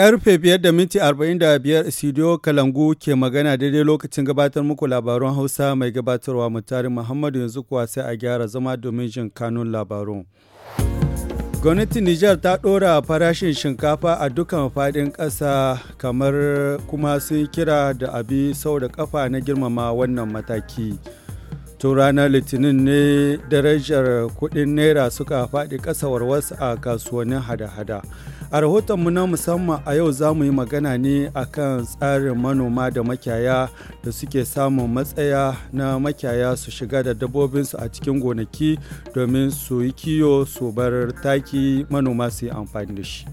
Karfe biyar da minti biyar studio Kalangu ke magana daidai lokacin gabatar muku labarun Hausa mai gabatarwa mutari Muhammadu yanzu kuwa sai a gyara zama domin jin kanun labarun. Gwamnatin Nijar ta ɗora farashin shinkafa a dukkan faɗin ƙasa kamar kuma sun kira da abi sau da ƙafa na girmama wannan mataki. tun ranar litinin ne darajar kudin naira suka faɗi ƙasa warwas a kasuwannin hada-hada A rahotonmu na musamman a yau za mu yi magana ne akan tsarin manoma da makiyaya da suke samun matsaya na makiyaya su shiga da dabbobinsu a cikin gonaki domin su yi kiyo su bar taki manoma su yi amfani da shi.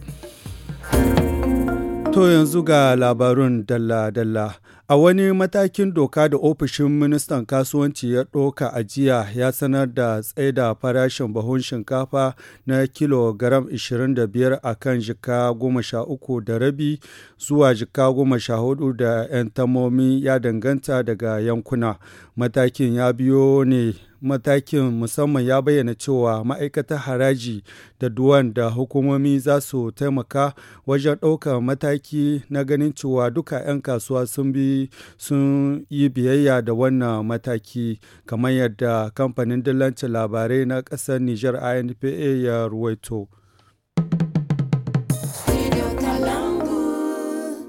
To yanzu ga labarun dalla-dalla. A wani matakin doka da ofishin ministan kasuwanci ya ɗoka a jiya ya sanar da tsaida farashin bahun shinkafa na kilogram 25 a kan jika 13 da rabi zuwa jika hudu da 'yan tamomi ya danganta daga yankuna. Matakin ya biyo ne matakin musamman ya bayyana cewa ma'aikatar haraji da duwan da hukumomi za su taimaka wajen ɗaukar mataki na ganin cewa duka 'yan kasuwa sun bi sun yi biyayya da wannan mataki kamar yadda kamfanin dillancin labarai na ƙasar niger inpa ya ruwaito.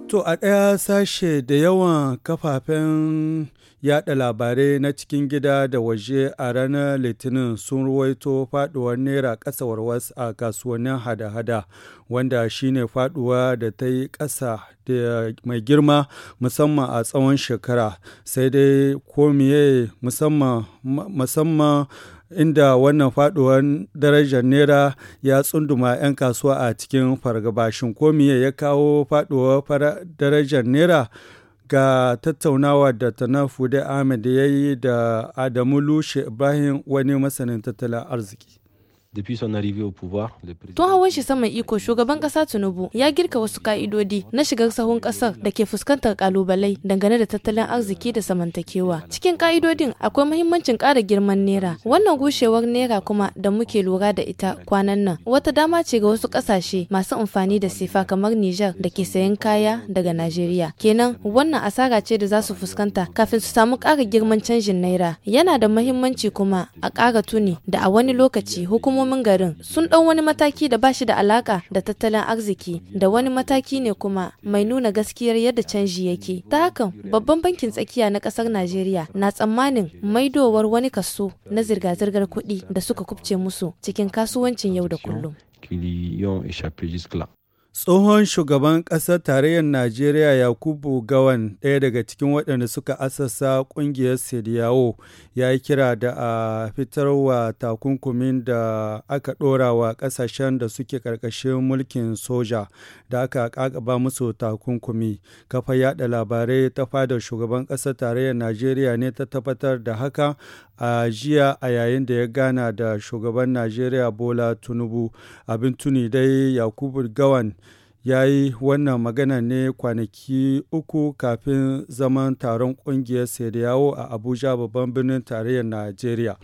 To a ɗaya sashe da yawan kafafen yada labarai na cikin gida da waje a ranar litinin sun ruwaito faduwar naira ƙasa warwas a kasuwannin hada-hada wanda shine faduwa da ta yi ƙasa da mai girma musamman a tsawon shekara sai dai komiye musamman inda wannan faduwar darajar naira ya tsunduma 'yan kasuwa a cikin fargabashin komiye ya kawo faduwar darajar naira ga tattaunawa da tanafude ahmed ya yi da adamu lushe ibrahim wani masanin tattalin arziki Tun hawan shi saman iko shugaban kasa Tinubu ya girka wasu ka'idodi na shigar sahun ƙasar da ke fuskantar kalubalai dangane da tattalin arziki da samantakewa. Cikin ka'idodin akwai muhimmancin ƙara girman naira. Wannan gushewar naira kuma da muke lura da ita kwanan nan wata dama ce ga wasu ƙasashe masu amfani da sifa kamar Nijar da ke sayan kaya daga Najeriya. Kenan wannan asara ce da za su fuskanta kafin su samu ƙara girman canjin naira. Yana da muhimmanci kuma a ƙara tuni da a wani lokaci hukumomi hukumomin garin sun ɗau wani mataki da bashi da alaka da tattalin arziki da wani mataki ne kuma mai nuna gaskiyar yadda canji yake. Ta hakan babban bankin tsakiya na ƙasar Najeriya na tsammanin maidowar wani kaso na zirga-zirgar kuɗi da suka kubce musu cikin kasuwancin yau da kullum. Tsohon shugaban ƙasar tarayyar Najeriya Yakubu Gawan ɗaya daga cikin waɗanda suka asasa ƙungiyar Sediyawo ya yi kira da a fitarwa takunkumin da aka ɗora wa ƙasashen da suke ƙarƙashin mulkin soja da aka ƙaƙaba musu takunkumi. Kafa yaɗa labarai ta fadar shugaban ƙasar tarayyar Najeriya ne ta tabbatar da haka a jiya a yayin da ya gana da shugaban Najeriya Bola tunubu Abin tuni dai Yakubu Gawan ya yi wannan magana ne kwanaki uku kafin zaman taron ƙungiyar sediyawo a abuja babban birnin tarayyar najeriya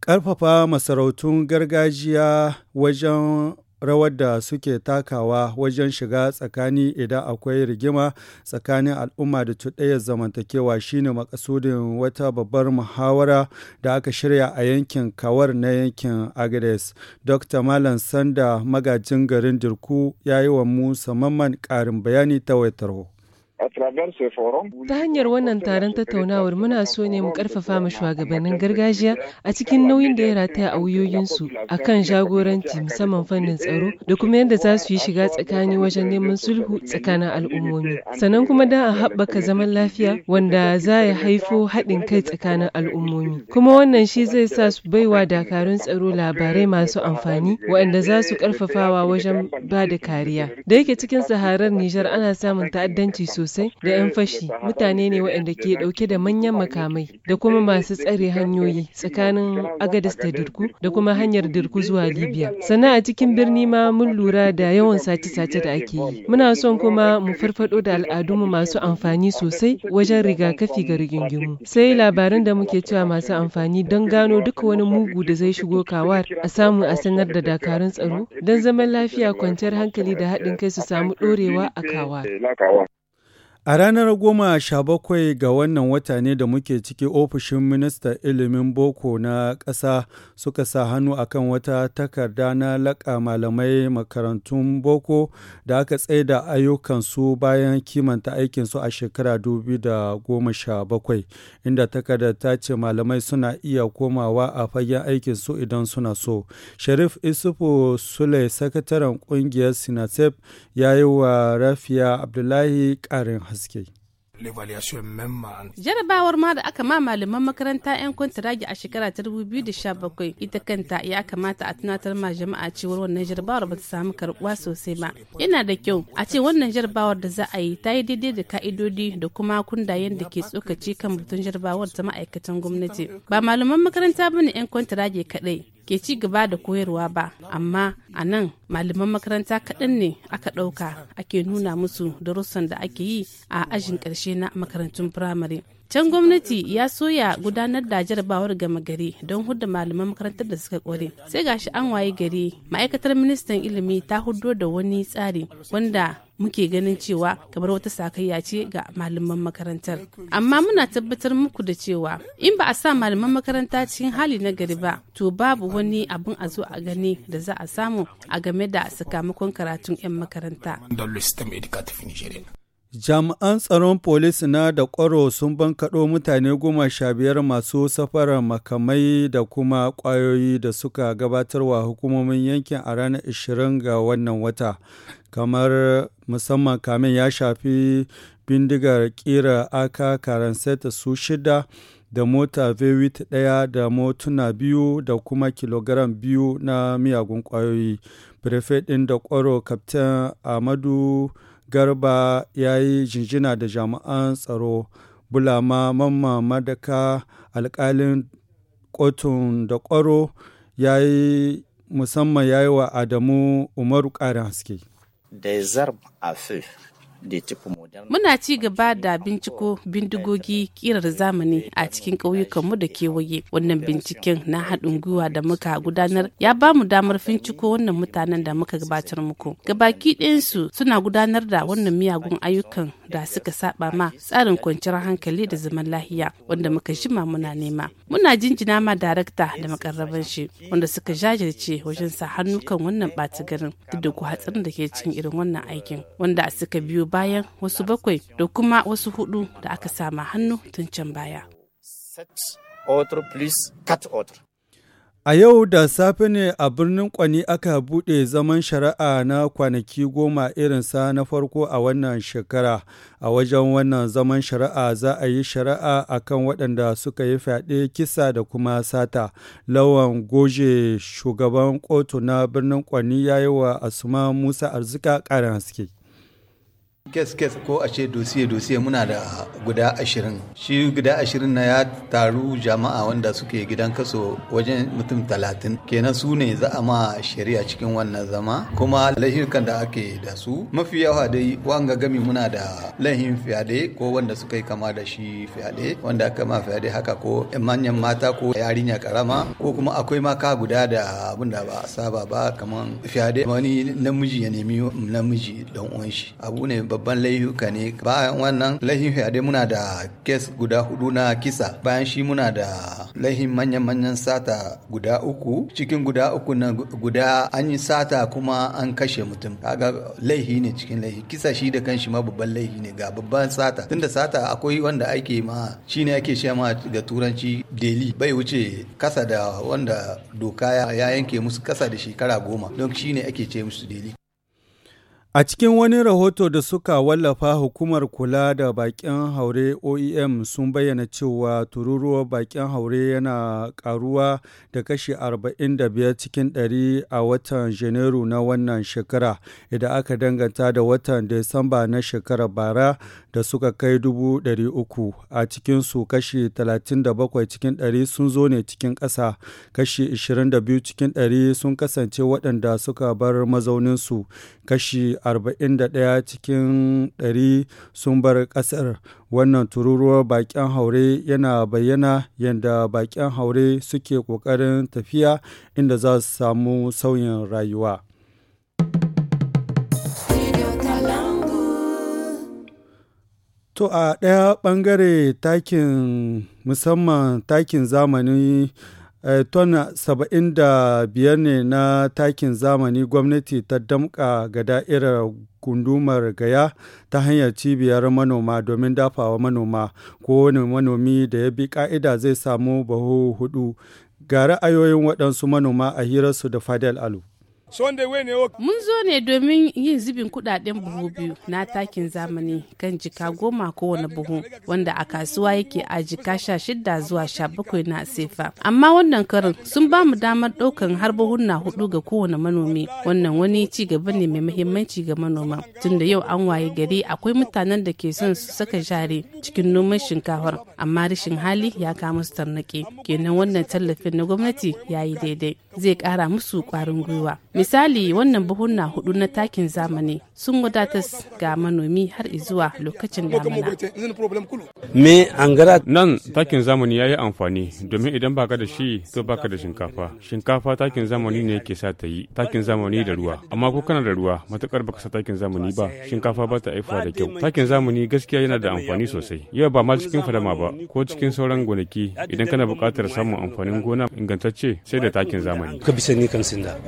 ƙarfafa masarautun gargajiya wajen rawar da suke takawa wajen shiga tsakani idan akwai rigima tsakanin al'umma da cuɗayar zamantakewa shine makasudin wata babbar muhawara da aka shirya a yankin kawar na yankin agres dr malam sanda magajin garin dirku ya yi wa musamman ƙarin bayani ta waitarwa Ta hanyar wannan taron tattaunawar muna so ne mu karfafa ma shugabannin gargajiya a cikin nauyin da ya rataya a wuyoyinsu a kan jagoranci musamman fannin tsaro da kuma yadda za su yi shiga tsakani wajen neman sulhu tsakanin al'ummomi. Sannan kuma don a haɓaka zaman lafiya wanda za ya haifo haɗin kai tsakanin al'ummomi. Kuma wannan shi zai sa su bai wa dakarun tsaro labarai masu amfani waɗanda za su karfafawa wajen ba da kariya. Da yake cikin saharar Nijar ana samun ta'addanci sosai. sosai da 'yan fashi mutane ne waɗanda ke ɗauke da manyan makamai da kuma masu tsare hanyoyi tsakanin agadis da dirku da kuma hanyar dirku zuwa libya sannan a cikin birni ma mun lura da yawan sace-sace da ake yi muna son kuma mu farfado da al'adunmu masu amfani sosai wajen rigakafi ga rigingimu sai labarin da muke cewa masu amfani don gano duka wani mugu da zai shigo kawar a samu a sanar da dakarun tsaro don zaman lafiya kwanciyar hankali da haɗin kai su samu ɗorewa a kawar A ranar goma sha bakwai ga wannan wata ne da muke ciki ofishin Minista ilimin boko na ƙasa suka sa hannu akan wata takarda na laƙa malamai makarantun boko da aka tsaida ayyukansu bayan kimanta aikinsu a shekara da goma bakwai, inda takarda ta ce malamai suna iya komawa a fagen aikinsu idan suna so. Sharif Isufu Sule, sakataren ƙungiyar Sinasef, ya yi wa Rafiya Abdullahi ƙarin haske jarabawar ma da aka ma malaman makaranta 'yan kwantaragi a shekara ta 2017 ita kanta ya kamata a tunatar ma jama'a cewar wannan jarabawar ba ta samu karbuwa sosai ba yana da kyau a ce wannan jarabawar da za a yi ta yi daidai da ka'idodi da kuma kundayen da ke tsokaci kan batun jarabawar ta ma'aikatan gwamnati ba malaman makaranta ba ne 'yan kwantaragi kaɗai ke ci gaba da koyarwa ba amma a nan malaman makaranta kaɗan ne aka ɗauka ake nuna musu darussan da ake yi a ajin ƙarshe na makarantun firamare can gwamnati ya soya gudanar da jarabawar gama gari don hudda malaman makarantar da suka kware sai gashi an waye gari ma'aikatar ministan ilimi ta hudo da wani tsari wanda muke ganin cewa kamar wata sakayya ce ga malaman makarantar amma muna tabbatar muku da cewa in ba a sa malaman makaranta cikin hali na gari ba to babu wani abin a zo a gani da za a samu a game da sakamakon karatun 'yan makaranta Jami'an tsaron polis na da kwaro sun bankaɗo mutane goma sha biyar masu safarar makamai da kuma kwayoyi da suka gabatarwa hukumomin yankin a ranar 20 ga wannan wata. kamar musamman kamin ya shafi bindigar kira aka seta su shida da mota vewit ɗaya da motuna biyu da kuma kilogram biyu na miyagun kwayoyi prefet ɗin da ƙwaro kaptan amadu garba ya yi jinjina da jami'an tsaro bulama mamma madaka alkalin kotun da ƙwaro ya yi musamman ya yi wa adamu umaru ƙarin haske Des herbes à feu. Muna ci gaba da binciko bindigogi kirar zamani a cikin ƙauyukanmu da kewaye. Wannan binciken na haɗin gwiwa da muka gudanar ya ba mu damar finciko wannan mutanen da muka gabatar muku. Gabaki ɗayansu suna gudanar da wannan miyagun ayyukan da suka saba ma tsarin kwanciyar hankali da zaman lahiya wanda muka shima muna nema. Muna jinjina ma darakta da makarraban shi wanda suka jajirce wajen sa hannu kan wannan ɓata garin duk da hatsarin da ke cikin irin wannan aikin wanda suka biyo ba bayan wasu bakwai da kuma wasu hudu da aka sama hannu tun can baya. A yau da safe ne a birnin Kwani aka buɗe zaman shari'a na kwanaki goma irin sa na farko a wannan shekara. A wajen wannan zaman shari'a za a yi shari'a a kan waɗanda suka yi fyaɗe kisa da kuma sata. Lawan goje shugaban kotu na birnin Kwani ya yi wa Asuma Musa Arzika ƙarin haske. kes kes ko a ce dosiye dosiye muna da guda ashirin shi guda ashirin na ya taru jama'a wanda suke gidan kaso wajen mutum talatin kenan su ne za a ma shari'a cikin wannan zama kuma lahirkan da ake da su mafi yawa dai wanga gami muna da lahin fyaɗe ko wanda suka yi kama da shi fyaɗe wanda aka ma fyaɗe haka ko manyan mata ko yarinya karama ko kuma akwai maka guda da abin da ba a saba ba kamar fyaɗe wani namiji ya nemi namiji dan uwan shi abu ne babban laifuka ne bayan wannan laifin fyaɗe muna da kes guda hudu na kisa bayan shi muna da laifin manyan-manyan sata guda uku cikin guda uku na guda an yi sata kuma an kashe mutum kaga laifi ne cikin laifi kisa shi da shi ma babban laifi ne ga babban sata tunda sata akwai wanda ake ma Shi ne ake shi ma ga turanci Deli, bai wuce kasa da wanda doka ya yanke musu kasa da shekara goma don ne ake ce musu deli. A cikin wani rahoto da suka wallafa hukumar kula da bakin haure OEM sun bayyana cewa tururuwar bakin haure yana karuwa da kashi 45 cikin 100 a watan Janairu na wannan shekara idan aka danganta da watan Disamba na shekarar bara da suka kai 300,000 a cikinsu kashi 37 cikin 100 sun zo ne cikin ƙasa kashi 22 cikin 100 sun kasance waɗanda suka bar mazauninsu kashi 41 cikin 100 sun bar ƙasar wannan tururuwar bakin haure yana bayyana yadda bakin haure suke ƙoƙarin tafiya inda za su samu sauyin rayuwa To a ɗaya ɓangare takin musamman takin zamani Eh, tona saba'in da biyar ne na takin zamani gwamnati ta damƙa ga da'irar gundumar gaya ta hanyar cibiyar manoma domin dafawa manoma wani manomi da ya bi ka'ida zai samu baho hudu ga ra'ayoyin waɗansu manoma a hirarsu da fadel alu Mun zo ne domin yin zubin kudaden buhu biyu na takin zamani kan jika goma kowane buhu wanda a kasuwa yake a jika sha shida zuwa sha bakwai na sefa. Amma wannan karin sun ba mu damar ɗaukan har buhunna hudu ga kowane manomi. Wannan wani ci gaba ne mai muhimmanci ga manoma. Tunda yau an waye gari akwai mutanen da ke son su saka share cikin noman shinkafar amma rashin hali ya kama su tarnaƙi. Kenan wannan tallafin na gwamnati ya yi daidai. zai kara musu kwarin gwiwa misali wannan buhunna hudu na takin zamani sun wadatar ga manomi har zuwa lokacin damina nan takin zamani ya yi amfani domin idan baka da shi to baka da shinkafa shinkafa takin zamani ne ke sa ta yi takin zamani da ruwa amma ko kana da ruwa matukar baka sa takin zamani ba shinkafa ba ta aifuwa da kyau takin zamani gaskiya yana da amfani sosai yau ba ma cikin fadama ba ko cikin sauran gonaki idan kana buƙatar samun amfanin gona ingantacce sai da takin zamani ka bisa ni kan sinda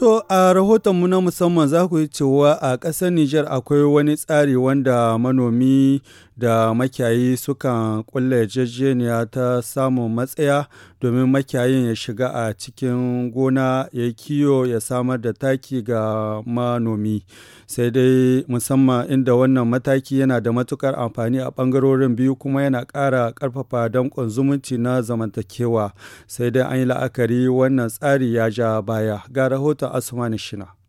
To a rahoton mu na musamman za ku yi cewa a ƙasar Nijar akwai wani tsari wanda manomi da makiyayi sukan kulle yarjejeniya ta samun matsaya domin makiyayin ya shiga a cikin gona ya kiyo ya samar da taki ga manomi sai dai musamman inda wannan mataki yana da matukar amfani a bangarorin biyu kuma yana ƙara ƙarfafa danƙon zumunci na zamantakewa sai dai an yi la'akari wannan tsari ya ja baya ga rahoton asuma shina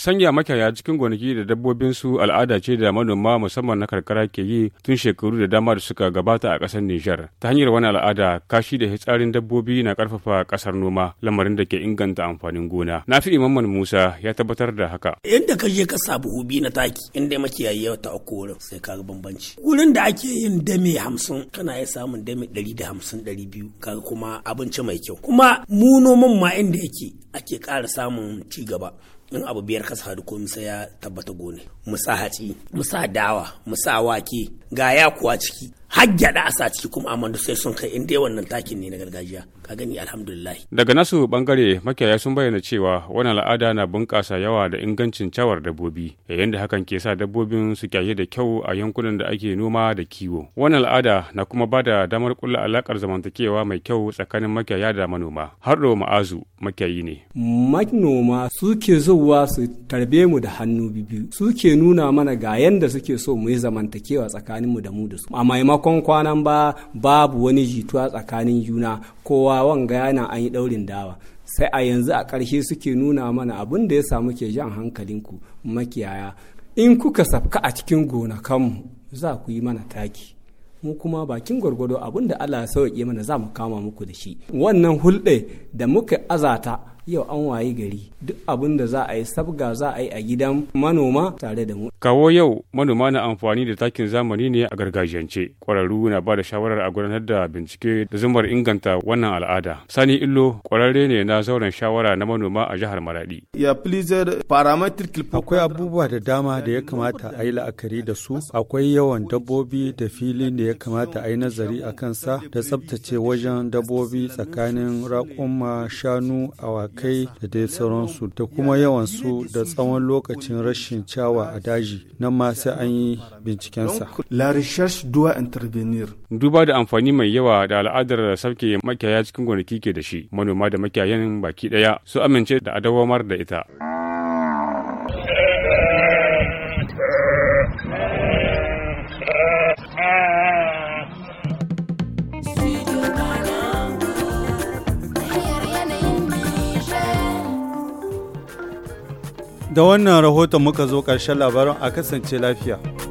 Sanya makiyaya cikin gonaki da dabbobinsu al'ada ce da manoma musamman na karkara ke yi tun shekaru da dama da suka gabata a kasar Nijar. Ta hanyar wani al'ada kashi da hitsarin dabbobi na karfafa kasar noma lamarin da ke inganta amfanin gona. Na fi Imamman Musa ya tabbatar da haka. inda ka je ka sa buhu biyu na taki inda makiyayi ya ta uku sai ka ga bambanci. Wurin da ake yin dame hamsin kana iya samun dame ɗari da hamsin ɗari biyu kaga kuma abinci mai kyau. Kuma mu noman ma inda yake ake ƙara samun ci gaba. in abu biyar ka sa komi sai ya tabbata gone Musa sa hatsi mu sa dawa Musa sa wake ga ya kuwa ciki har gyada a sa ciki kuma amma sai sun kai inda wannan takin ne na gargajiya ka gani alhamdulillah daga nasu bangare makiyaya sun bayyana cewa wannan al'ada na bunƙasa yawa da ingancin cawar dabbobi yayin da hakan ke sa dabbobin su kyaye da kyau a yankunan da ake noma da kiwo wannan al'ada na kuma ba da damar kulla alakar zamantakewa mai kyau tsakanin makiyaya da manoma harro ma'azu makiyayi ne manoma suke zuwa su tarbe mu da hannu biyu suke nuna mana ga yanda suke so mu yi zamantakewa tsakaninmu da mu da su a maimakon kwanan ba babu wani jituwa tsakanin juna kowa wanga yana an yi ɗaurin dawa sai a yanzu a ƙarshe suke nuna mana abin da ya samu ke jan hankalinku makiyaya in kuka safka a cikin gonakanmu za ku yi mana taki mu kuma bakin gwargwado abin da Allah ya sauke mana za mu kama muku da shi wannan hulɗe da muka azata yau an waye gari duk abin da za a yi sabga za a yi a gidan manoma tare da mu. Kawo yau manoma na amfani da takin zamani ne a gargajiyance. Kwararru na ba da shawarar a gudanar da bincike da zumar inganta wannan al'ada. Sani Illo kwararre ne na zauren shawara na manoma a jihar maraɗi. Ya Akwai abubuwa da dama da ya kamata a yi la'akari da su. Akwai yawan dabbobi da fili da ya kamata a yi nazari a kansa da tsabtace wajen dabbobi tsakanin raƙuma, shanu, awakai kai da dai sauransu da kuma yawan su da tsawon lokacin rashin cawa a daji nan ma sai an yi bincikensa. Duba da amfani mai yawa da al'adar da sauke makiyaya cikin gonaki ke da shi manoma da makiyayan baki daya su amince da adawamar da ita. Da wannan rahoton muka zo ƙarshen labaran a kasance lafiya.